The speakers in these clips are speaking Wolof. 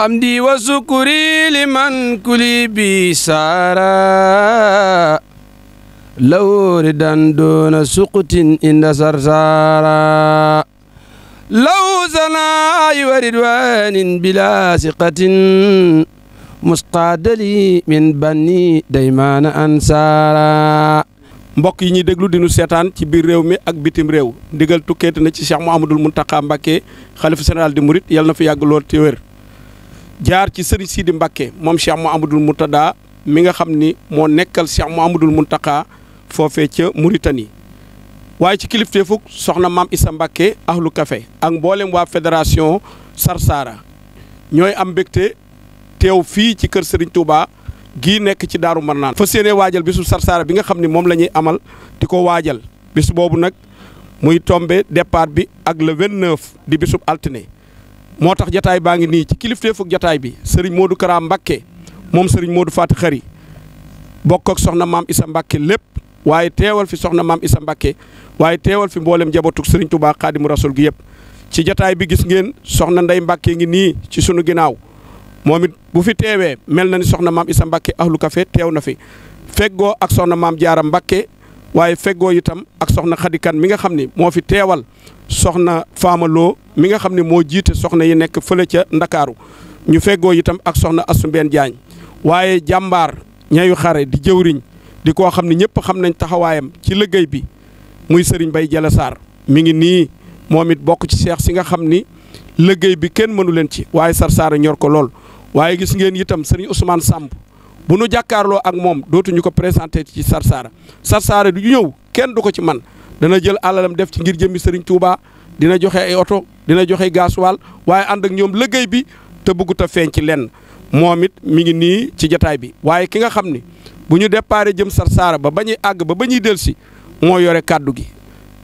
amdi wa sukuri liman kuli bi saara lawri dan doona suqutin inda sarsaara law zanaayi wa ridwanin bila siqatin musqaadali min banni daymaana ansaara mbokk yi ñuy déglu di nu seetaan ci biir réew mi ak bitim réew ndigal tukkeeti na ci Cheikh Mouhamadoul Mountakha Mbacké xalifa général di murit yàlla na fi yàgg lool te wér jaar ci sëriñ Sidi Mbacke moom Cheikh Mouhamadul Moutada mi nga xam ni moo nekkal Cheikh Mouhamadul Mountakha foofee ca Mauritanie waaye ci kilifteefuk soxna maam Issa Mbacke ahlu kafe ak mboolem waa fédération Sarsara ñooy am mbégte teew fii ci kër Serigne Touba gii nekk ci Daaru Marnaan fa séenee waajal bisu Sarsara bi nga xam ni moom la ñuy amal di ko waajal bis boobu nag muy tombé départ bi ak le 29 di bisub altine moo tax jataay baa ngi nii ci kilifteefuk jataay bi sëriñ Modou Kara Mbakke moom sëriñ Modou Faty Khary bokk ak soxna maam Isa Mbakke lépp waaye teewal fi soxna maam Isa Mbakke waaye teewal fi mboolem njabootu sëriñ Touba Xaadimu Rasul gi yëpp. ci jataay bi gis ngeen soxna Ndey Mbakke ngi nii ci sunu ginnaaw moom it bu fi teewee mel na ni soxna maam Isa Mbakke ahlu kafe teew na fi feggoo ak soxna maam Jaara Mbakke waaye feggoo itam ak soxna Xadi Kan mi nga xam ni moo fi teewal. soxna Faama Lo mi nga xam ne moo jiite soxna yi nekk fële ca Ndakaaru ñu feggoo itam ak soxna Astou Mbène waaye jàmbaar ñayu xare di jëwriñ di koo xam ne ñëpp xam nañ taxawaayam ci liggéey bi muy Serigne bay Jalla saar mi ngi nii moom it bokk ci seex si nga xam ni liggéey bi kenn mënu leen ci waaye Sar Sarr ñor ko lool. waaye gis ngeen itam Serigne Ousmane Samb bu nu jàkkaarloo ak moom dootuñu ko présenté ci Sar Sarr Sar Sarr du ñëw kenn du ko ci man dana jël alalam def ci ngir jëmmi Serigne Touba dina joxe ay oto dina joxe gaasuwaal waaye ànd ak ñoom liggéey bi te bëggut a feeñ ci lenn moom it mi ngi nii ci jataay bi. waaye ki nga xam ni bu ñu déparé jëm Sarsara ba ba ñuy àgg ba ba ñuy delsi moo yore kàddu gi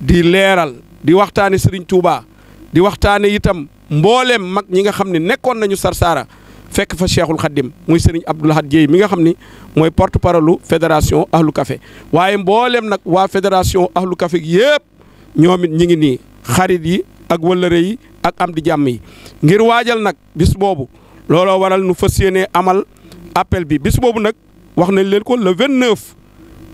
di leeral di waxtaane Serigne Touba di waxtaane itam mbooleem mag ñi nga xam ni nekkoon nañu Sarsara. fekk fa cheikhul xaddim muy sëriñ Abdoul Ahad Dieye mi nga xam ni mooy porte parole fédération ahlu café waaye mbooleem nag waa fédération ahlu café yëpp ñoom it ñi ngi nii xarit yi ak wëllëre yi ak am di jàmm yi ngir waajal nag bis boobu looloo waral nu fas yéenee amal appel bi bis boobu nag wax nañ leen ko le 29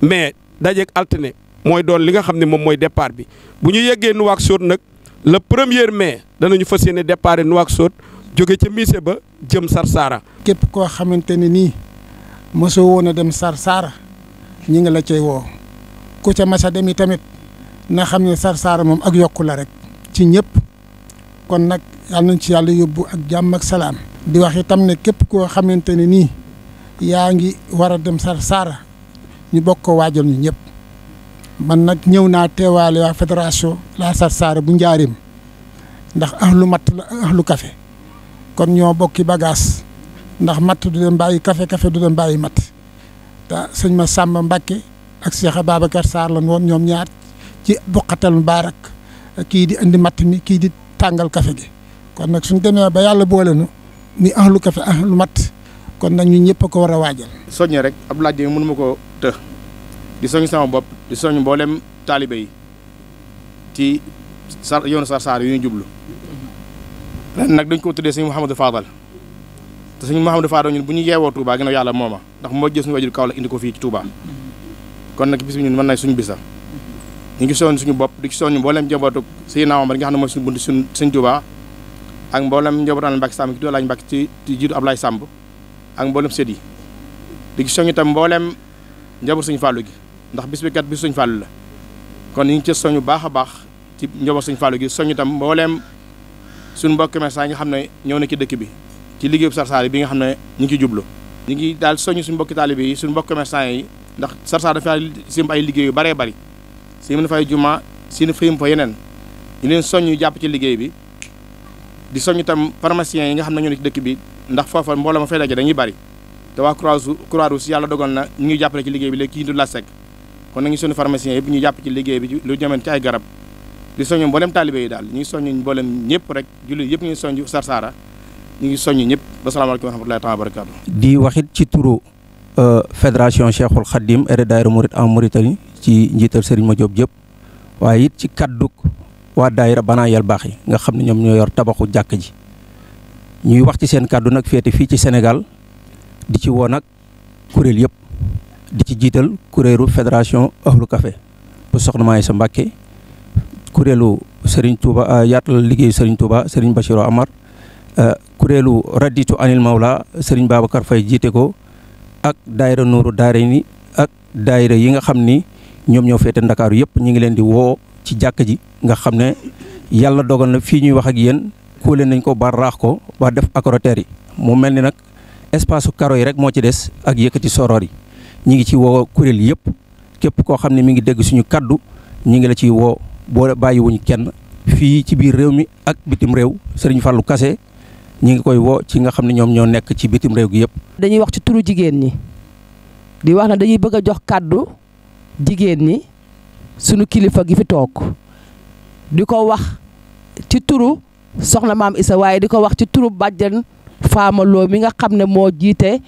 mais dajeeg altine mooy doon li nga xam ne moom mooy départ bi bu ñu yeggee Nouakchott nag le première mais danañu fas yéene départ Nouakchott jóge ca miise ba jëm Sarsara. képp koo xamante ne nii mosoo woon a dem Sarsara ñu ngi la cay woo ku ca mas dem yi tamit na xam ne Sarsara moom ak yokku la rek ci ñëpp kon nag yal nañ ci yàlla yóbbu ak jàmm ak salaam. di wax itam ne képp koo xamante ne nii yaa ngi war a dem Sarsara ñu bokk ko waajal ñu ñëpp man nag ñëw naa teewaale waa fédération la Sarsara bu njaarim ndax ahlu matt la ahlu café kon ñoo bokki bagaas ndax matt du leen bàyyi kafe kafe du leen bàyyi matt te sëñ ma sàmm Mbàkke ak Cheikh Ababacar Sarr la woon ñoom ñaar ci buqatal mubaarak kii di indi matt mi kii di tàngal kafe gi kon nag suñ demee ba yàlla boole nu ni ahlu kafe ahlu matt kon nag ñu ñëpp ko war a waajal soññe rek ab laaj yi mënuma ko të di soññ sama bopp di soñ mbooleem taalibe yi ci sar yoonu sar saar yu ñu jublu ren nag dañ ko tuddee sëñ Mouhamadou Fadal te sëñ Mouhamadou Fadal ñun bu ñu yeewoo Touba ginnaaw yàlla mooma ndax moo jël suñu wajur kaw la ko fii ci kon nag bis bi ñun mën nañ suñu bisa ñu ngi soon suñu bopp di ci soon ñu mboolem njabootu sëñ Naama nga xam ne mooy suñu bunt suñ sëñ ak mboolem njabootu Alaaji Mbàkke Samb ki tudd Alaaji Mbàkke ci ci jiitu Ablaye Samb ak mboolem sët yi di ci soñu itam suñu fàllu gi ndax bis kat bis suñu fàllu la kon ñu ngi baax a baax ci njabootu suñu fàllu gi soñu itam suñ mbokk commerçant ñu xam ne ñëw na ci dëkk bi ci liggéeyu Sarsara bi nga xam ne ñu ngi jublo jublu ngi daal soññ suñu mbokki taalibe yi suñu mbokk commerçant yi ndax Sarsara dafa simb ay liggéey yu bari bëri si mën fay juma si fim fa yeneen ñu leen soññ jàpp ci liggéey bi di soññ itam pharmaciens yi nga xam ne ñoo ne ci bi ndax foofa mbooloo ma fay daje dañuy bëri te na ñu ngi jàppale ci liggéey bi léegi kii du la sec kon nañu suñu jàpp ci liggéey bi lu jëmeen ci ay garab di soññ mboolem taalibe yi daal ñu ngi soññ mboolem ñëpp rek jullit yëpp ñu ngi soññ Sarsara ñu ngi soññ ñëpp asalaamaaleykum wa rahmatullahi taala wa barakaatu di waxit ci turu euh, fédération Cheikhul Khadim et daayira Murid en Mauritanie ci njiital Serigne Madiop Diop waaye it ci kàddug waa daayira Banaa Yal Baax yi nga xam ne ñoom ñoo yor tabaxu jàkk ji ñuy wax ci seen kàddu nag féete fii ci Sénégal di ci woo nag kuréel yëpp di ci jiital kuréelu fédération Ahlu Café bu soxna kuréelu Serigne Touba euh, yaatal liggéeyu Serigne Touba Serigne Bachirou Amar euh, kuréelu raditu anil mawla Serigne Babacar Faye jiite ko ak daayira Nuuru Daarayni ak daayira yi nga xam ni ñoom ñoo féete Ndakaaru yëpp ñu ngi leen di woo ci jàkk ji nga xam ne yàlla dogal na fii ñuy wax ak yéen kuule nañ ko ba raax ko ba def acrotère yi mu mel ni nag espace karo yi rek moo ci des ak yëkkati soroor yi ñu ngi ci woo kuréel yëpp képp koo xam ne mi ngi dégg suñu kàddu ñu ngi la ciy woo boo bàyyiwuñ kenn fii ci biir réew mi ak bitim réew sëriñ farlu Kassé ñi ngi koy woo ci nga xam ne ñoom ñoo nekk ci bitim réew gi yëpp. dañuy wax ci turu jigéen ñi di wax na dañuy bëgg a jox kàddu jigéen ñi sunu kilifa gi fi toog di ko wax ci turu soxna maam Issa waaye di ko wax ci turu bàjjan faamaloo mi nga xam ne moo jiite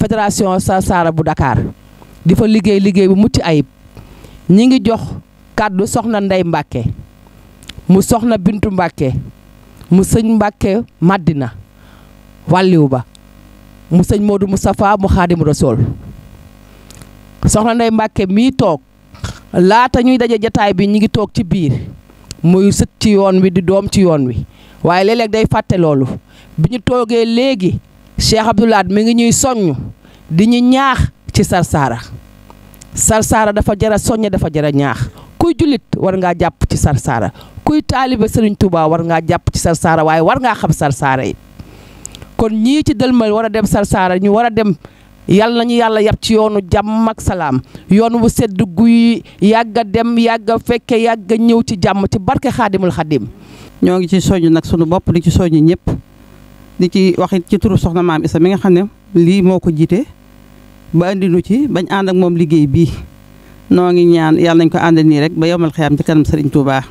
fédération Sarsara bu Dakar di fa liggéey liggéey bu mucc ayib ñi ngi jox. kàddu soxna Ndey Mbàkke mu soxna Bintu Mbàkke mu sëñ Mbàkke màddina walliw ba mu sëñ Moodu Moustapha mu Xaadim Rasool soxna Ndey Mbàkke mii toog laata ñuy daje jataay bi ñu ngi toog ci biir muy sët ci yoon wi di doom ci yoon wi waaye léeg-léeg day fàtte loolu bi ñu toogee léegi Cheikh Abdoulaad mi ngi ñuy soññ di ñu ñaax ci Sarsara Sarsara dafa jara soññe dafa jara ñaax kuy jullit war ngaa jàpp ci sarsaara kuy taaliba Serigne Touba war ngaa jàpp ci sarsaara waaye war ngaa xam sarsaara yi kon ñii ci dëlmal war a dem sarsaara ñu war a dem yàlla nañu yàlla yab ci yoonu jàmm ak salaam yoon wu sedd guy yàgg dem yàgg fekke yàgg ñëw ci jàmm ci barke xaadimul xaadim ñoo ngi ci soññ nag sunu bopp di ci soññ ñëpp di ci waxit ci turu soxna maam Isa mi nga xam ne lii moo ko jiite ba andi nu ci bañ ànd ak moom liggéey bii noo ngi ñaan yàlla nañ ko ànd nii rek ba yomal xiyaam ci kanam Serigne Touba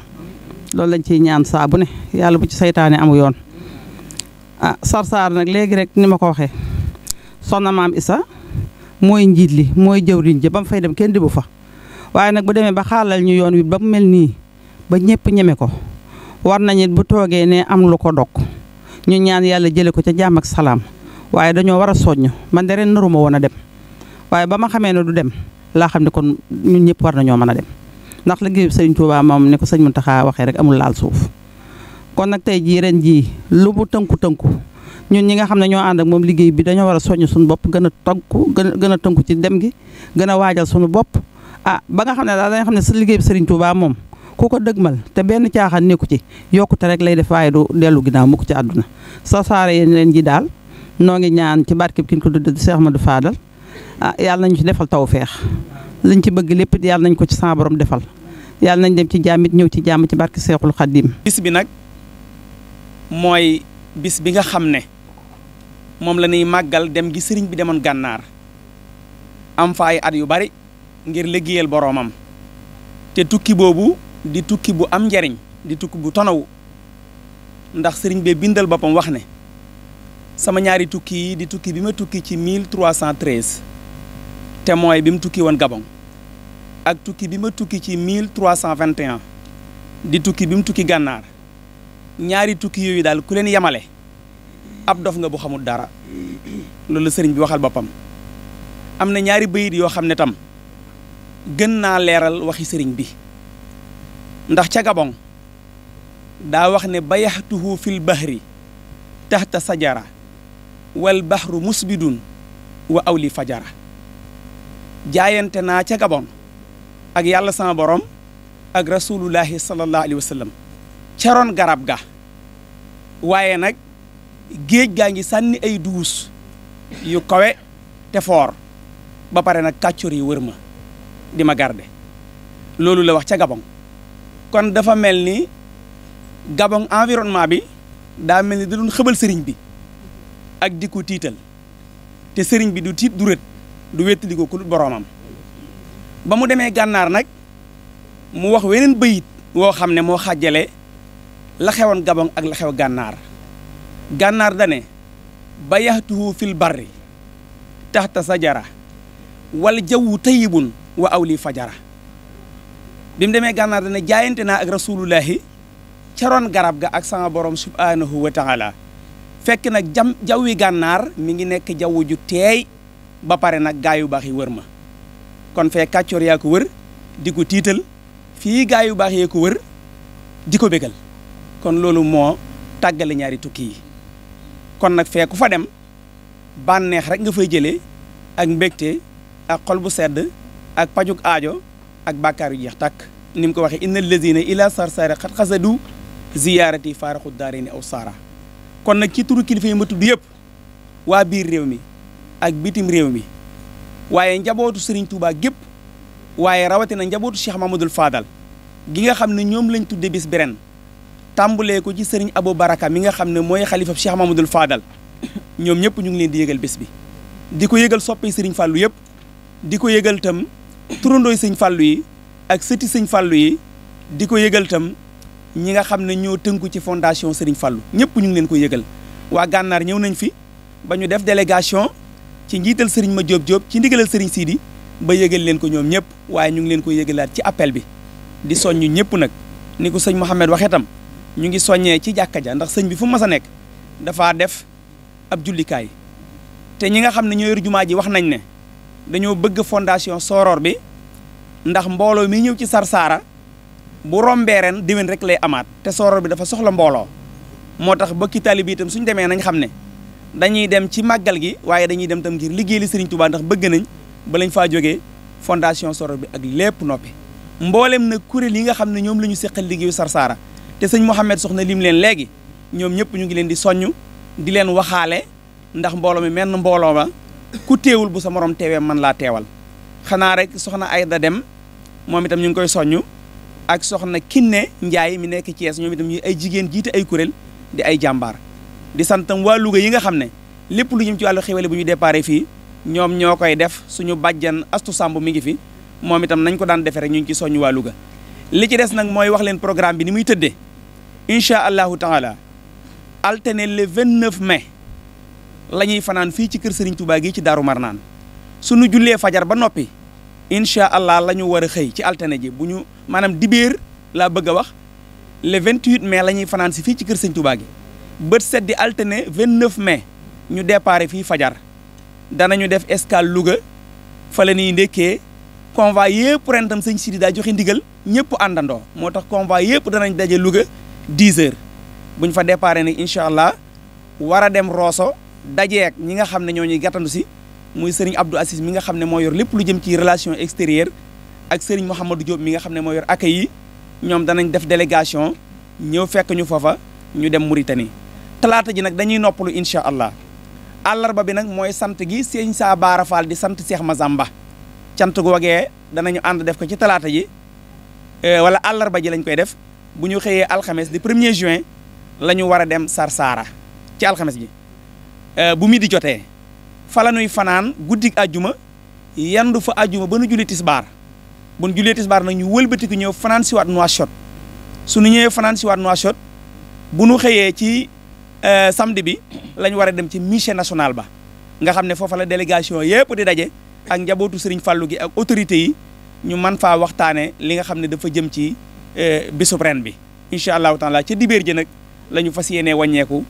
loolu lañ ciy ñaan saa bu ne yàlla bu ci saytaane amu yoon a ah Sarsara nag léegi rek ni ma ko waxee soxna maam Isa mooy njiit li mooy jëwriñ ji ba mu fay dem kenn di bu fa waaye nag bu demee ba xaalal ñu yoon wi ba mu mel nii ba ñëpp ñeme ko war nañu bu toogee ne am lu ko dog ñu ñaan yàlla jëlee ko ca jàmm ak salaam waaye dañoo war a soññ man de ren naruma woon a dem waaye ba ma xamee ne du dem. laa xam ne kon ñun ñëpp war nañoo mën a dem ndax liggéey bi sëriñ Tuubaa moom ne ko sëñ Muntaxa waxee rek amul laal suuf kon nag tey jii ren jii lu mu tënku tënku ñun ñi nga xam ne ñoo ànd ak moom liggéey bi dañoo war a soññ suñu bopp gën a tënku gën gën a tënku ci dem gi gën a waajal suñu bopp ah ba nga xam ne daal dañoo xam ne sa liggéey bi sëriñ Tuubaa moom ku ko dëgmal te benn caaxaan nekku ci yokkute rek lay def waaye du dellu ginnaaw mukk ci àdduna sa saare yéen leen ji daal noo ngi ñaan ci barkeb kin ko tudd Cheikh Amadou Fadal ah yàlla nañu ci defal tawféex lañ ci bëgg lépp yàlla nañ ko ci sama borom defal yàlla nañ dem ci jàmm it ñëw ci jàmm ci barke Seexul Xadim. bis bi nag mooy bis bi nga xam ne moom la ñuy màggal dem gi sëriñ bi demoon gànnaar am fa at yu bari ngir liggéeyal boroomam te tukki boobu di tukki bu am njariñ di tukki bu tonawu ndax sëriñ bee bindal boppam wax ne sama ñaari tukki yi di tukki bi ma tukki ci 1313 te mooy bi mu tukki woon Gabon ak tukki bi ma tukki ci mille trois cent vingt et di tukki bi mu tukki gànnaar ñaari tukki yooyu daal ku leen yemale ab dof nga bu xamul dara loolu sëriñ bi waxal boppam am na ñaari bayit yoo xam ne tam gën naa leeral waxi sëriñ bi ndax ca Gabon daa wax ne bayaxtuhu fil bahri tahta sajara wal bahru musbidun wa aw awli fajara jaayante naa ca Gabon ak yàlla sama borom ak rasulullahi sallallahu alayhi wa ca ron garab ga waaye nag géej gaa ngi sànni ay duus yu kawe te foor ba pare nag kàccor yi wër ma di ma garde loolu la wax ca Gabon kon dafa mel ni Gabon environnement bi daa mel ni da xëbal sëriñ bi ak di ko tiital te sëriñ bi du tiit du rët du wéttali ko ku dul boroomam ba mu demee gànnaar nag mu wax weneen bayit woo xam ne moo xajale la xewoon gabon ak la xew gànnaar gànnaar dane ba yaxtuhu fil barri taxta sajara wal jawwu tayibun wa awli fajara bi mu demee gànnaar dane jaayante naa ak rasulullahi caroon garab ga ak sama borom subhanahu wa taala fekk nag jam jawwi gànnaar mi ngi nekk jaww ju teey ba pare nag gaa yu baax yi wër ma kon fee kàccoor yaa ko wër di ko tiital fii gaa yu baax yee ko wër di ko bégal kon loolu moo tàggale ñaari tukki yi kon nag fee ku fa dem bànneex rek nga fay jëlee ak mbégte ak xol bu sedd ak pajuk aajo ak bàkkaar yu jeex tàkk ni mu ko waxee inna lazina ila sarsara xat xasadu ziyaarati faaraxu daarini aw saara kon nag ci turu kilifa yi ma tudd yëpp waa biir réew mi ak bitim réew mi waaye njabootu Serigne Touba gépp waaye rawatina njabootu Cheikh Mamadou faadal gi nga xam ne ñoom lañ tudde bis bi ren tàmbulee ko ci Serigne Abou Baraka mi nga xam ne mooy xalifa Cheikh Mamadou faadal ñoom ñëpp ñu ngi leen di yëgal bis bi. di ko yëgal soppee Serigne fallu yëpp di ko yëgal itam turandooy sëñ Fallou yi ak sëti sëñ fallu yi di ko yëgal itam ñi nga xam ne ñoo tënku ci fondation Serigne fallu ñëpp ñu ngi leen ko yëgal waa gànnaar ñëw nañ fi ba ñu def délégation. ci njiital sëriñ ma Jóob Jóob ci ndigalal sëriñ Sidi ba yëgal leen ko ñoom ñëpp waaye ñu ngi leen ko yëgalaat ci appel bi di soññ ñëpp nag ni ko sëñ Mouhamed waxee tam ñu ngi soññee ci jàkka ja ndax sëñ bi fu masa nekk dafaa def ab jullikaay te ñi nga xam ne ñoo yor jumaa ji wax nañ ne dañoo bëgg fondation Soror bi ndax mbooloo mi ñëw ci Sarsara bu rombee ren déwén rek lay amaat te Soror bi dafa soxla mbooloo moo tax bëkki taalibe bi itam suñ demee nañ xam ne dañuy dem ci màggal gi waaye dañuy dem tam ngir liggéey li Serigne Touba ndax bëgg nañ ba lañ faa jógee fondation soro bi ak lépp noppi mboolem na kuréel yi nga xam ne ñoom la ñu seqal liggéeyu Sarsara te sëñ Mouhamed soxna lim leen léegi ñoom ñëpp ñu ngi leen di soññ di leen waxaale ndax mbooloo mi menn mbooloo ma ku teewul bu sa morom teewee man laa teewal xanaa rek soxna Ayda Dem moom itam ñu ngi koy soññ ak soxna ne Njaay mi nekk Thiès ñoom itam ñu ay jigéen jiite ay kuréel di ay jàmbaar di santam waa Louga yi nga xam ne lépp lu jëm ci wàllu xéwale bu ñu déparé fii ñoom ñoo koy def suñu bàjjan astu sàmb mi ngi fi moom itam nañ ko daan defee rek ñu ngi ci soññ waa Louga li ci des nag mooy wax leen programme bi ni muy tëddee incha allahu taala altene le 29 mai la ñuy fanaan fii ci kër Serigne tubaa gi ci Daaru Marnaan suñu jullee fajar ba noppi incha allah la ñu war a xëy ci altene ji bu ñu maanaam dibéer laa bëgg wax le 28 mai la ñuy fanaan si fii ci kër Serigne Touba gi bët set di altine 29 mai ñu déparé fii fajar danañu def escale Louga fa la ñuy ndekkee convoi yëpp ren tam sëñ Sidi daa joxe ndigal ñëpp àndandoo moo tax convoi yëpp danañ daje Louga 10 heures bu ñu fa déparé nag incha allah war a dem Rosso dajeek ñi nga xam ne ñoo ñuy gàttandu si muy sëriñ Abdou Assis mi nga xam ne moo yor lépp lu jëm ci relation extérieure ak sëriñ Mouhamadou Diop mi nga xam ne moo yor accueil yi ñoom danañ def délégation ñëw fekk ñu foofa ñu dem Mauritanie. talaata ji nag dañuy noppalu incha allah àllarba bi nag mooy sant gi seen saa baara di sant Seex Masamba cant gu wagee danañu ànd def ko ci talaata ji euh, wala àllarba ji lañ koy def bu ñu xëyee alxames di premier juin lañu ñu war a dem Sarsara ci alxames ji euh, bu mi di jotee fa la fanaan guddik àjjuma yandu fa àjjuma ba nu julli tisbaar bu nu jullee tisbaar nag ñu wëlbatiku ñëw fanaan si waat Nouakchott su nu ñëwee fanaan si waat Nouakchott bu nu xëyee ci. Euh, samedi bi lañ war a dem ci mission national ba nga xam ne foofa la délégation yëpp di daje ak njabootu Serigne Fallou gi ak autorité yi ñu man faa waxtaanee li nga xam ne dafa jëm ci euh, bésub ren bi incha allahu taala ca dibéer ji nag lañu ñu fas yéenee wàññeeku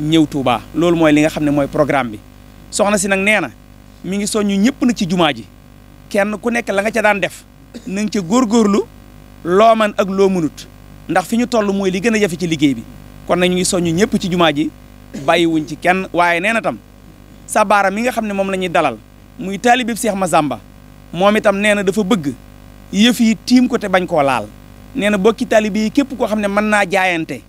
ñëw Touba loolu mooy li nga xam ne mooy programme bi soxna si nag nee na mi ngi soññu ñëpp nag ci jumaa ji kenn ku nekk la nga ca daan def na nga góor góorgóorlu loo man ak loo mënut ndax fi ñu toll mooy li gën a jafe ci liggéey bi kon nag ñu ngi soññu ñëpp ci jumaa ji bàyyiwuñ ci kenn waaye nee na tam sa baara mi nga xam ne moom la ñuy dalal muy taalibe Seex ma sàmba moom itam nee na dafa bëgg yëf yi tiim ko te bañ koo laal nee na bokki taalibe yi képp koo xam ne mën naa jaayante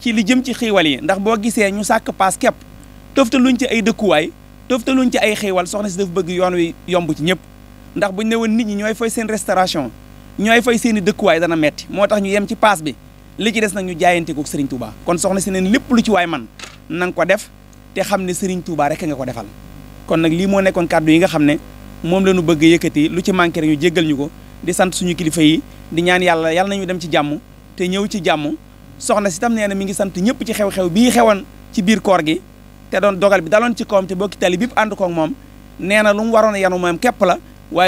ci li jëm ci xiiwal yi ndax boo gisee ñu sàkk paas képp luñ ci ay dëkkuwaay toftaluñ ci ay xiiwal soxna si dafa bëgg yoon wi yomb ci ñëpp ndax buñ ne woon nit ñi ñooy fay seen restauration ñooy fay seen i dëkkuwaay dana moo tax ñu yem ci paas bi li ci des nag ñu jaayante ko Serigne Touba kon soxna si neen lépp lu ci waay man na nga ko def te xam ne Serigne Touba rek nga ko defal kon nag lii moo nekkoon kàddu yi nga xam ne moom la ñu bëgg yëkkati lu ci manqué rek ñu jéggal ñu ko di sant suñu kilifa yi di ñaan yàlla yàlla nañu dem ci jàmm te ñëw ci jàmm soxna si tam nee na mi ngi sant ñëpp ci xew-xew bii xewoon ci biir koor gi te doon dogal bi daloon ci koom te bokki tali bépp ànd koog moom nee na lu mu waroon yanu moom képp la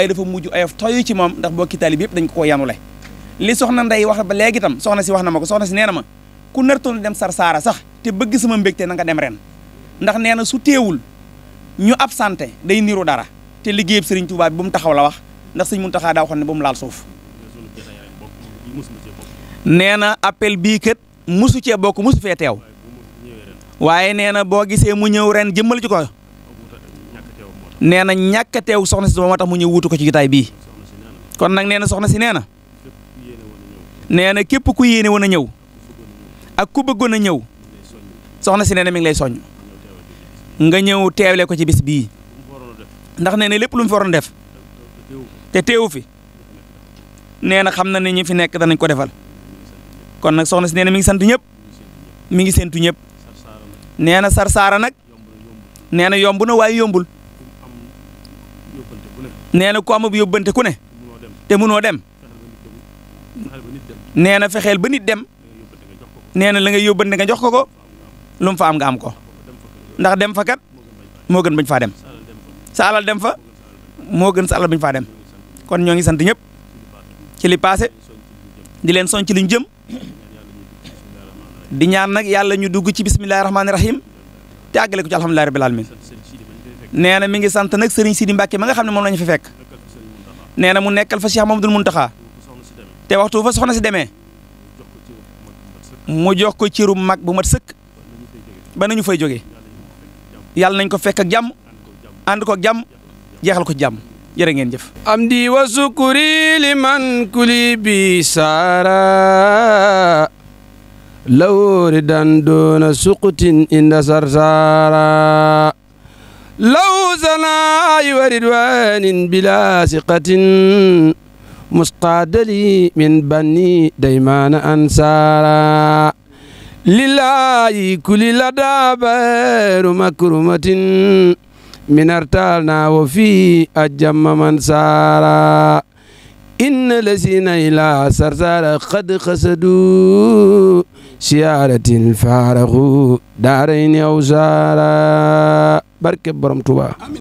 dafa mujj ayof toy ci moom ndax bokki tali bépp dañ ko ko li soxna nday wax ba léegi itam soxna si wax na ma ko soxna si nee na ma ku nartoon dem Sarsara sax te bëgg sama mbégte na nga dem ren ndax nee na su teewul ñu absenté day niru dara te liggéeyub sëriñ Touba bi bu mu taxaw la wax ndax sëñ Mountakha daa waxoon ne bu mu laal suuf. nee na appel bii kat musu cee bokk musu fee teew waaye nee na boo gisee mu ñëw ren jëmmal ci ko nee na ñàkk a teew soxna si ba moo tax mu ñëw wuutu ko ci jotaay bii kon nag nee na soxna si nee na. nee na képp ku yéene woon a ñëw ak ku bëggoon a ñëw soxna si nee na mi ngi lay soññ nga ñëw teewle ko ci bis bii ndax nee na lépp lu mu fi def te teewu fi nee na xam na ne ñu fi nekk danañ ko defal kon nag soxna si nee na mi ngi sant ñëpp mi ngi séntu ñëpp nee na sarsaara nag nee na yomb na waaye yombul nee na ku amub yóbbante ku ne te munoo dem nee na fexeel ba nit dem neena la ngay yóbbante nga jox ko ko lu fa am nga am ko ndax dem fa kat moo gën bañ faa dem sa alal dem fa moo gën sa alal bañ faa dem kon ñoo ngi sant ñëpp ci li paase di leen soñ ci liñ jëm di ñaan nag yàlla ñu dugg ci bismillahi rahmaani rahim te àggale ko ci alhamdulilahi rabbil alamin nee na mi ngi sant nag Serigne Sidi Mbacke ma nga xam ne moom la ñu fi fekk nee na mu nekkal fa Cheikh mun Mountakha te waxtu fa soxna si demee mu jox ko ciru mag bu mat sëkk ba nañu fay jógee yàlla nañ ko fekk ak jàmm ko ak jàmm jeexal ko jàmm jërë ngeen jëf am di wa sukuri liman kuli bi saara lawri dan doona suqutin inda sarsara law sanaayi wa ridwanin bila siqatin مصطاد لي من بني ديمان أنصارا لله كل لدى بير مكرمة من ارتالنا وفي أجم من سارا إن الذين إلى سرسار قد خسدوا سيارة فارغوا دارين أو سارا بركة برمتوا